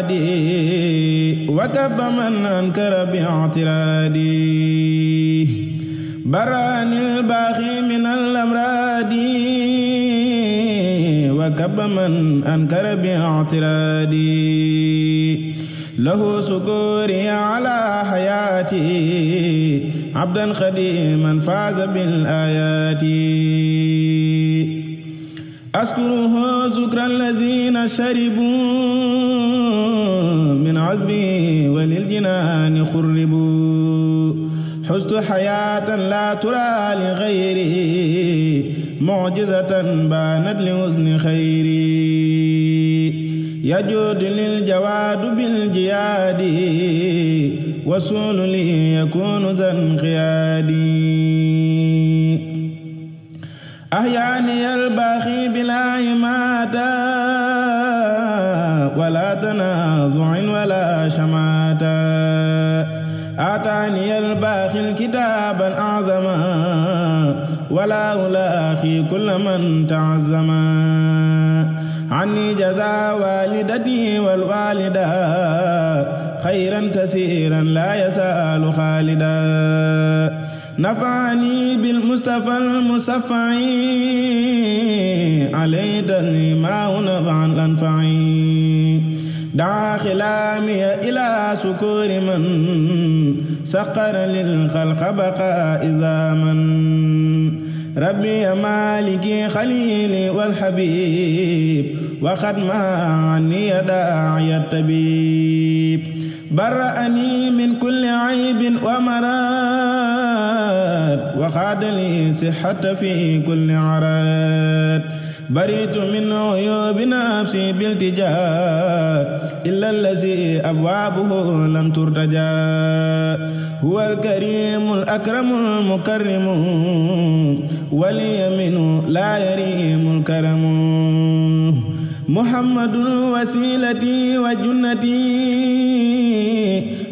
مرادي وكب من أنكر باعترادي براني الباغي من الأمراد وكب من أنكر باعترادي له سكوري على حياتي عبدا خديما فاز بالآيات askuruhu zukra allazina sharibu min azbi walil jinaani xurribu xustu xayaatan laa turaa li xayri mucjizatan baanat li husni xayri yajuudu lil jawaadu bil jiyaadi wasuulu li yakuunu zan xiyaadi أحياني الباخي بلا يماتا ولا تنازع ولا شماتا أعطاني الباخي الكتاب الأعظم ولا ألاخي كل من تعزم عني جزا والدتي والوالدة خيرا كثيرا لا يسأل خالدا نفعني بالمصطفى المصفع عليه ما نفعا الأنفع دعا خلامي إلى سكور من سخر للخلق بقاء إذا من ربي مالكي خليلي والحبيب وقد ما عني داعي الطبيب برأني من كل عيب ومراد وخاد لي صحة في كل عراد بريت من عيوب نفسي بالتجاء إلا الذي أبوابه لم ترتجى هو الكريم الأكرم المكرم ولي منه لا يريم الكرم محمد وسيلتي وجنتي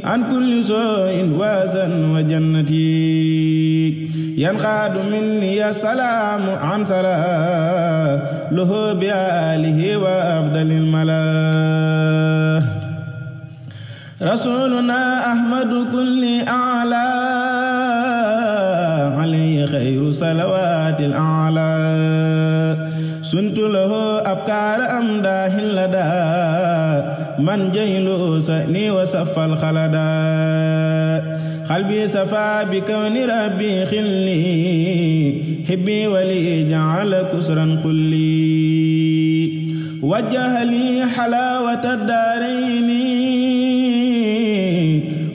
an kulli sooyin waasan wa jannati yanqaadu minni ya salaamu an salaa lahu bi alihi wa afdalil malaa rasuluna ahmadu kulli alaa alayhi xayru salawaatil alaa suntu lahu abkaara am daahin ladaa من جيلوس لي وسف الخلدا قلبي سفى بكون ربي خلي حبي ولي جعل كسرا خلي وجه لي حلاوة الدارين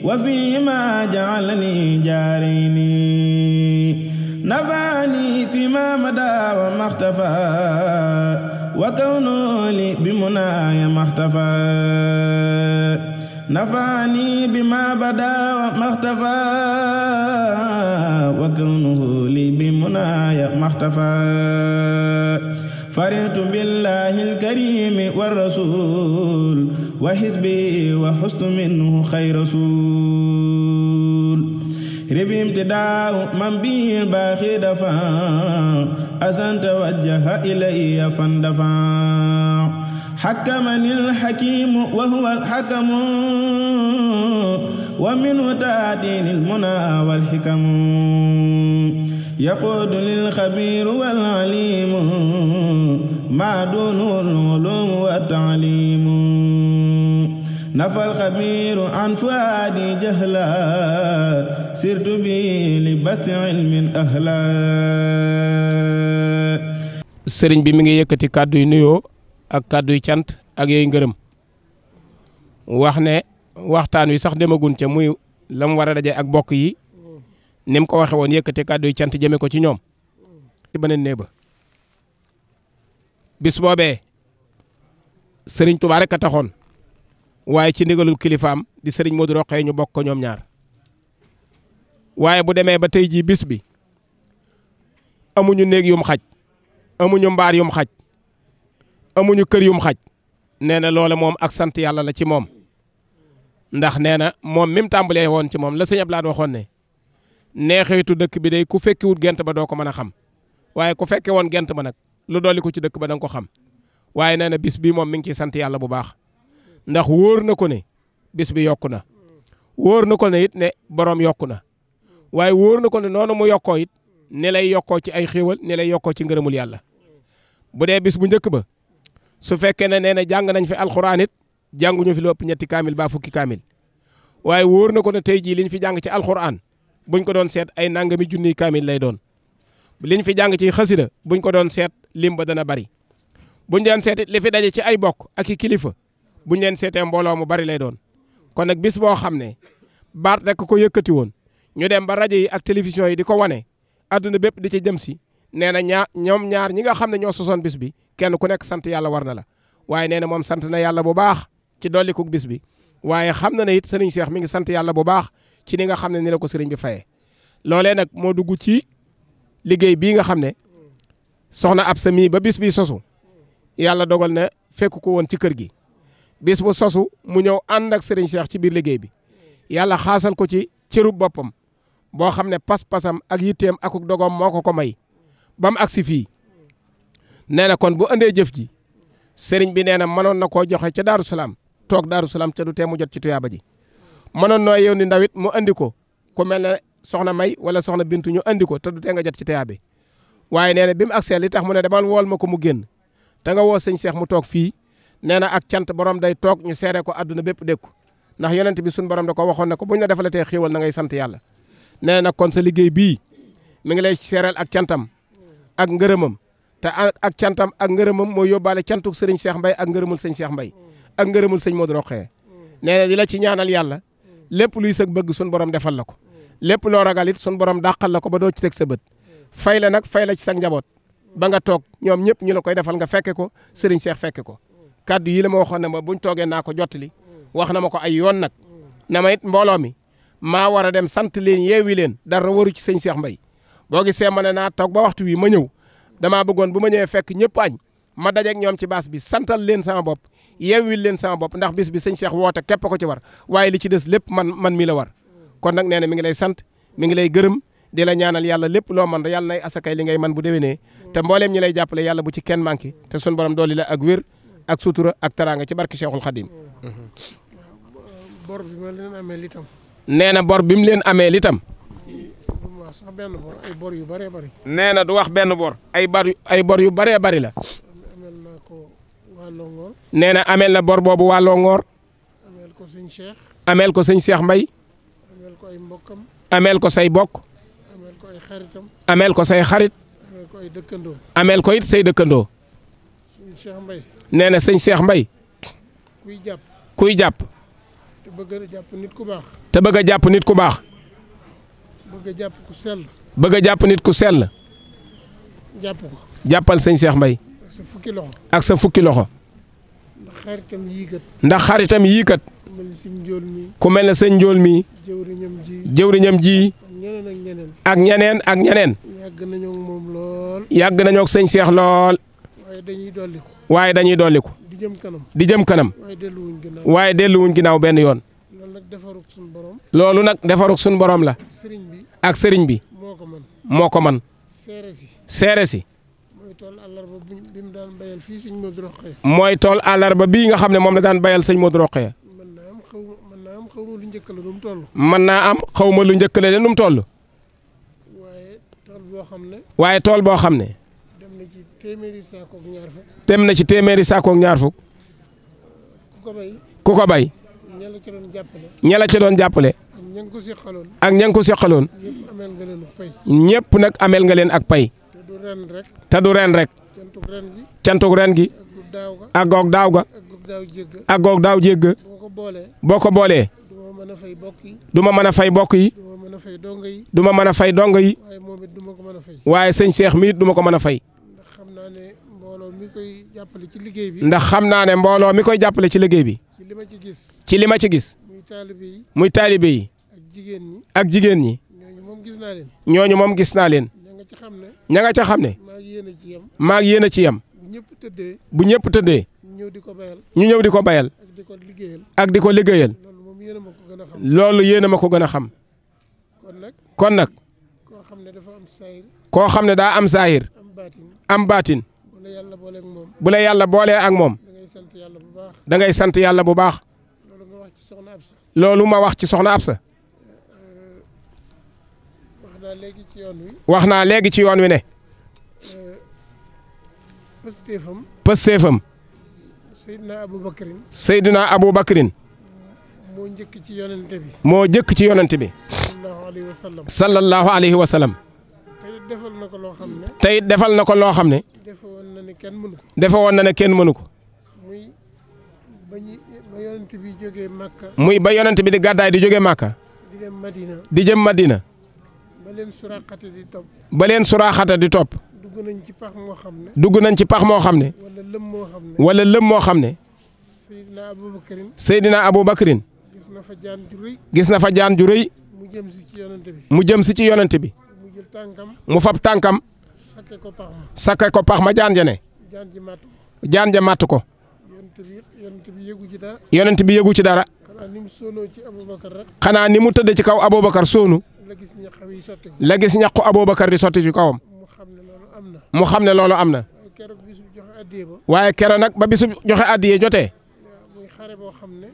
وفيما جعلني جارين نفعني فيما مدى وما اختفى wa kawnu li bi munaaya maxtafa nafaani bi ma badaa maxtafa wa kawnuhu li bi munaaya maxtafa faritu billahi alkarimi wa rasul wa xisbi wa xustu minhu xay rasul ربي امتداء من به الباخي دفع أسن توجه إلي فاندفع حكمني الحكيم وهو الحكم ومنه تأتيني المنى والحكم يقود للخبير والعليم ما دونه العلوم والتعليم نفى الخبير عن فؤادي جهلا سرت بي لبس علم أهلا sëriñ bi mu ngi yëkkati kàddu yu nuyoo ak kàddu yu cant ak yooyu ngërëm wax ne waxtaan wi sax demagun ca muy la mu war a daje ak bokk yi ni mu ko waxe woon yëkkati kàddu yu cant jëme ko ci ñoom ci beneen nee ba bis boobee sëriñ Tuubaa rek a taxoon waaye ci ndigalul kilifaam di sëriñ moo Modou Rokhaya ñu bokk ko ñoom ñaar waaye bu demee ba tey jii bis bi amuñu néeg yum xaj amuñu mbaar yum xaj amuñu kër yum xaj nee na loola moom ak sant yàlla la ci moom ndax nee na moom mi mu woon ci moom la sëñ Abdoulaye waxoon ne neexeetu dëkk bi day ku fekkiwut gent ba doo ko mën a xam waaye ku fekke woon gent ba nag lu dolli ko ci dëkk ba danga ko xam waaye nee na bis bii moom mi ngi ciy sant yàlla bu baax ndax wóor na ko ne bis bi yokku na wóor na ko ne it ne borom yokku na waaye wóor na ko ne noonu mu yokkoo it ne lay yokkoo ci ay xéewal ne lay yokkoo ci ngërëmul yàlla bu dee bis bu njëkk ba su fekkee ne nee na jàng nañ fi alxuraanit it ñu fi lu ëpp ñetti kaamil ba fukki kaamil waaye wóor na ko ne tey jii liñ fi jàng ci alxuraan buñ ko doon seet ay nangami junniy kaamil lay doon liñ fi jàng ci xasida buñ ko doon seet lim dana bari buñ doon seet it daje ci ay bokk ak i kilifa bu buñ leen seetee mbooloo mu bari lay doon kon nag bis boo xam ne baat rek ko yëkkati woon ñu dem ba rajo yi ak télévision yi di ko wane adduna bépp di ci jëm si nee na ñaar ñoom ñaar ñi nga xam ne ñoo sosoon bis bi kenn ku nekk sant yàlla war na la waaye nee na moom sant na yàlla bu baax ci dolliku bis bi waaye xam na ne it sëriñ Cheikh mi ngi sant yàlla bu baax ci ni nga xam ne ni la ko sëriñ bi faye loolee nag moo dugg ci liggéey bii nga xam ne soxna ab sa ba bis bi sosu yàlla dogal na fekk ko woon ci kër gi bis bu sosu mu ñëw ànd ak Serigne Cheikh ci biir liggéey bi yàlla xaasal ko ci cërub boppam boo xam ne pas-pasam ak yitteem akuk dogoom moo ko ko may ba mu agsi fii nee na kon bu andee jëf ji sëriñ bi nee na mënoon na koo joxe ca Daaru Salaam toog Daaru Salaam ca du tee mu jot ci tuyaaba ji mënoon noo yow ni ndawit mu andi ko ku mel ne soxna May wala soxna Bintu ñu andi ko te du tee nga jot ci tuyaaba waaye nee na bi mu agsee li tax mu ne demal wool ma ko mu génn te nga woo sëñ mu toog fii nee na ak cant borom day toog ñu seere ko àdduna bépp dégg ko ndax yonent bi suñu borom da ko waxoon ne ko buñ la defalatee xéewal na ngay sant yàlla nee na kon sa liggéey bii mu ngi lay seereel ak cantam ak ngërëmam te ak cantam ak ngërëmam mooy yóbbaale cantuk sëriñ seex mbay ak ngërëmul sëñ Cheikh Mbaye ak ngërëmul sëñ Modou Rokhaya nee na di la ci ñaanal yàlla lépp luy sëg bëgg suñu borom defal la ko lépp loo ragal it suñu borom dàqal la ko ba doo ci teg sa bët fay la nag fay la ci sa njaboot ba nga toog ñoom ñëpp ñu la koy defal nga fekke ko sëriñ Cheikh fekke ko kaddu yi la ma waxoon ne ma buñ toogee naa ko jottali wax na ko ay yoon nag na ma it mbooloo mi maa war a dem sant leen yeewi leen dara waru ci sëñ Cheikh mbay boo gisee ma ne naa toog ba waxtu wi ma ñëw damaa bëggoon bu ma ñëwee fekk ñëpp añ ma dajeeg ñoom ci baas bi santal leen sama bopp yeewil leen sama bopp ndax bis bi sëñ Cheikh woote képp ko ci war waaye li ci des lépp man man mi la war kon nag nee na mi ngi lay sant mi ngi lay gërëm di la ñaanal yàlla lépp loo mën yàlla nay asakay li ngay man bu déwénee te mbooleem ñi lay jàppale yàlla bu ci kenn manqué te la ak wér ak sutura ak taraanga ci barke Cheikhul Khadim. bor bi ma leen amee li tam. nee na bor bi mu leen amee li tam. yu bëree bëri. nee na du wax benn bor. ay bor yu bëree bari la. ameel na ameel na bor boobu waa Longoor. ameel ko sëñ ameel ko sëñ Cheikh Mbaye. ameel ko ay ko say bokk. ameel ko ay say xarit. ameel ko ay dëkkandoo. ameel ko it say dëkkandoo. nee na sëñ Cheikh Mbaye kuy jàpp kuy jàpp. te bëgg jàpp nit ku baax. te bëgg a jàpp nit ku baax. bëgg jàpp ku sell. jàpp nit ku sell. jàpp ko. jàppal sëñ seex mbay ak sa fukki loxo. ak sa fukki loxo. ndax xaritam yii kat. ndax xaritam yii ku mel ne sëñ Njool mii. ku jëwriñam ji ak ñeneen ak ñeneen. ak ñeneen. yàgg nañoo ak moom lool. yàgg nañoo ak sëñ seex lool. waaye dañuy dolliku. waaye dañuy dolliku. di jëm kanam di jëm kanam. waaye delluwuñ ginnaaw waaye benn yoon. loolu nag defarug suñ boroom loolu nag defarug suñu borom la. sëriñ bi ak sëriñ bi. moo ko mën moo ko mën. seere si seere si. mooy tool àllarba fii sëñ Modou Rokhaya. mooy tool àllarba bii nga xam ne moom la daan bayal sañ sëñ Modou Rokhaya. mën naa am xawma ma lu njëkkale de nu mu toll. waaye tool boo waaye tool boo xam ne. dem na ci téeméeri saako ak ñaar fukk. dem na ci téeméeri saako ñaar fukk. ku ko bay. ku ko bay. ca doon jàppale. ña ak ña nga ko seqaloon. ak ña ko seqaloon. ñëpp ak pay. ñëpp nag ameel nga leen ak pay. te du ren rek. te du ren rek. cantug ren gi. ren gi. ak goog daaw ga. ak goog daaw jégg. boo ko boolee. boo ko boolee. du ma mën a fay bokk mën a fay bokk yi. du ma mën a fay dongo yi waaye sëñ Cheikh mi duma ko mën a fay ndax xam naa ne mbooloo mi koy jàppale ci liggéey bi ci li ma ci gis muy taalibe yi ak jigéen ñi ñooñu moom gis naa leen ña nga ca xam ne maa ngi yéen a ci yem bu ñëpp tëddee ñu ñëw di ko bayal ak di ko liggéeyal loolu yéen a ma ko gën a xam. kon nag koo xam ne daa am saayir am baatin bu la yàlla boolee ak moom da dangay sant yàlla bu baax loolu ma wax ci soxna Absa wax naa léegi ci yoon wi ne pësteefam pësteefam Seydina Abou Bakrin Seydina abu Bakrin moo njëkk ci yonente bi. moo njëkk ci yonente bi. sallallahu alayhi wa sallam. tey defal na ko loo xam ne. tey defal na ko loo xam ne. defe woon na ne kenn mënu ko. woon na ne kenn mënu ko. muy ba yonent bi jógee Makka. muy ba bi di gàddaay di jógee Makka. di jëm Madina. di jëm Madina. ba di topp. dugg nañ ci pax moo xam ne. dugg nañ ci pax moo xam ne. wala lëm moo xam ne. wala lëm moo xam ne. gis na fa jaan ju rëy mu jëm si ci yonent bi mu jëm si ci yonent bi mu fab tànkam sakke ko pax ma jaan ja ne jaan ja màtt ko yonent bi yëgu ci dara xanaa ni mu tëdd ci kaw Aboubacar soonu la gis ñaqu Aboubacar di sotti ci kawam mu xam ne loolu am na waaye kero nag ba bisu joxe addiye jotee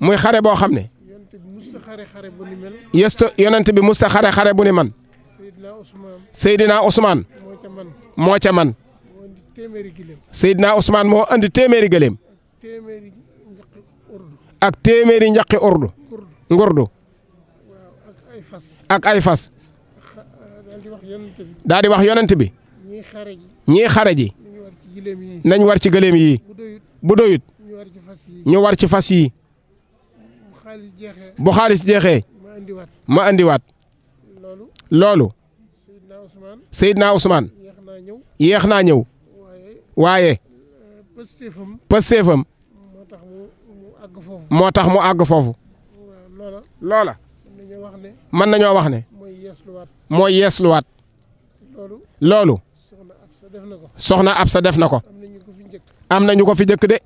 muy xare boo xam ne yëstu yonent bi musta xare xare bu ni man Seydina Ousmane moo ca man Seydina Ousmane moo andi téeméeri gëléem ak téeméeri njaqi urdu ngurdu ak ay fas ah, daa di wax yonent bi ñii xare ji nañ war ci gëléem bu doyut ñu war fas yii xaalis jeexee. bu xaalis jeexee. ma andiwaat ma andiwaat. loolu. loolu. Seydina Ousmane. Seydina Ousmane. yeex na ñëw. yeex naa ñëw. waaye. Euh, pësteefam. pësteefam. moo tax mu àgg foofu. moo tax mu àgg foofu. loola. loola. mën nañoo wax ne. mën nañoo wax ne. mooy yeesluwaat. mooy yeesluwaat. loolu. loolu. soxna Absa def na ko. soxna def na ko. am nañu ko fi njëkk. de.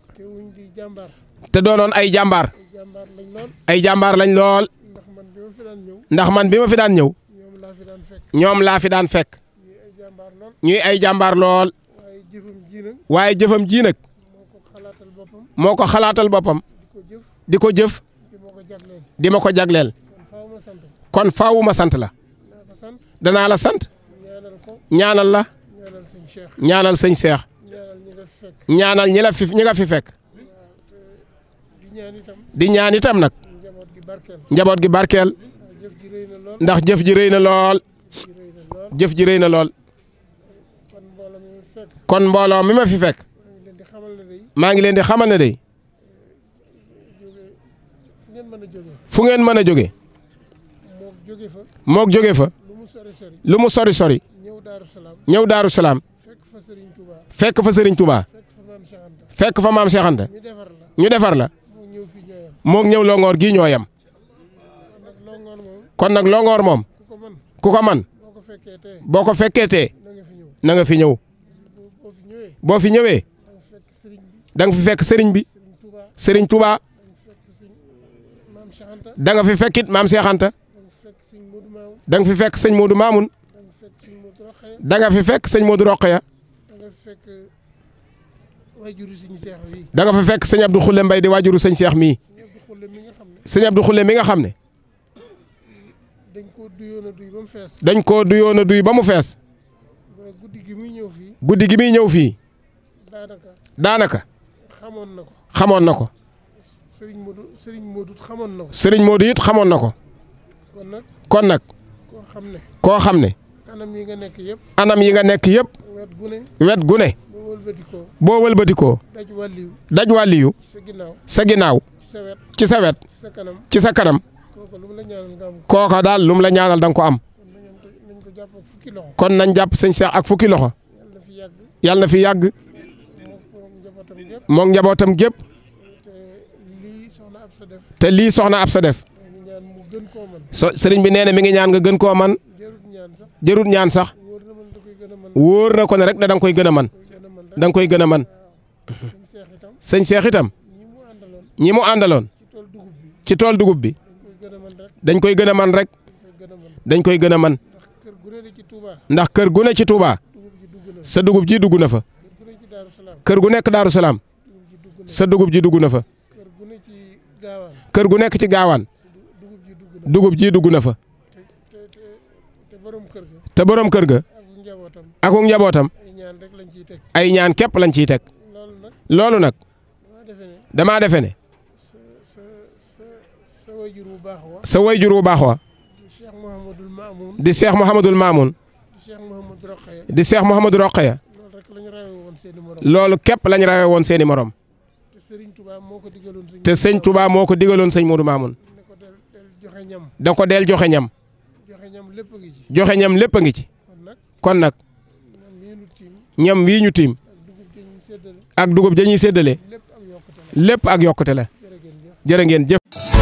te doonoon ay jàmbaar. ay jàmbaar lañ lool ndax man bi ma fi daan ñëw ñoom laa fi daan fekk ñuy ay jàmbaar lool waaye jëfam ji nag moo ko xalaatal boppam di ko jëf di ma ko jagleel kon faawu ma sant la danaa la sant ñaanal la ñaanal sëñ Cheikh ñaanal ñi la fi ñi nga fi fekk. di ñaan itam nag njaboot gi barkeel ndax jëf ji réy na lool jëf ji rëy na lool kon mbooloo mi ma fi fekk maa ngi leen di xamal ne day fu ngeen mën a jóge moo jóge fa lu mu sori sori ñëw daaru salaam fekk fa sëriñ Touba fekk fa maam Cheikh Anta ñu defar la moo ñëw longoor gii ñoo yem kon nag longoor moom ku ko man boo ko fekkee tee na nga fi ñëw boo fi ñëwee da nga fi fekk sëriñ bi sëriñ Touba da nga fi fekkit maam Cheikh Anta da fi fekk sëñ Modou Mamoun da nga fi fekk sëñ Modou Rokhaya da nga fi fekk sëñ Abdou Khoule mbay di waajuru sëñ seex mii sëñ Abdou Khoule mi nga xam ne. dañ koo duyoon duy ba mu fees. dañ koo duyoon a duy ba mu fees. guddi gi muy ñëw fii. guddi gi muy ñëw fii. daanaka. xamoon na ko. xamoon na ko. sëriñ Modou sëriñ xamoon na ko. sëriñ Modou it xamoon na ko. kon nag. kon nag. koo xam ne. koo xam ne. anam yi nga nekk yëpp. anam yi nga nekk yëpp. wet gu wet gu ne. boo wëlbatikoo. boo daj wàlliyu. sa ginnaaw. ci sa wet ci sa kanam kooka daal lum la ñaanal danga nga ko am kon nañ jàpp sëñ Cheikh ak fukki loxo yàlla na fi yàgg moog njabootam gépp te lii soxna ab sa def so sëriñ bi nee na mi ngi ñaan nga gën koo man jërut ñaan sax wóor na ko ne rek ne da koy gën a man da koy gën a man sëñ Cheikh itam. ñi mu àndaloon ci tool dugub bi dañ koy gën a man rek dañ koy gën a man ndax kër gu ne ci Touba sa dugub ji dugg na fa kër gu nekk Daaru Salaam sa dugub ji dugg na fa gu nekk ci gaawaan dugub ji dugg na fa te borom kër ga ak njabootam ay ñaan képp lañ ciy teg loolu nag damaa defe ne sa wayjur wu baax wa di Cheikh Mouhamadul Mamoun di Cheikh Mouhamadou Rokhaya loolu képp lañ rawee woon seeni morom te sëñ Touba moo ko digaloon sëñ Modou Mamoun da ko del joxe ñam joxe ñam lépp a ngi ci kon nag ñam wii ñu tiim ak dugub ja ñuy séddale lépp ak yokkute la jërë ngeen jëf.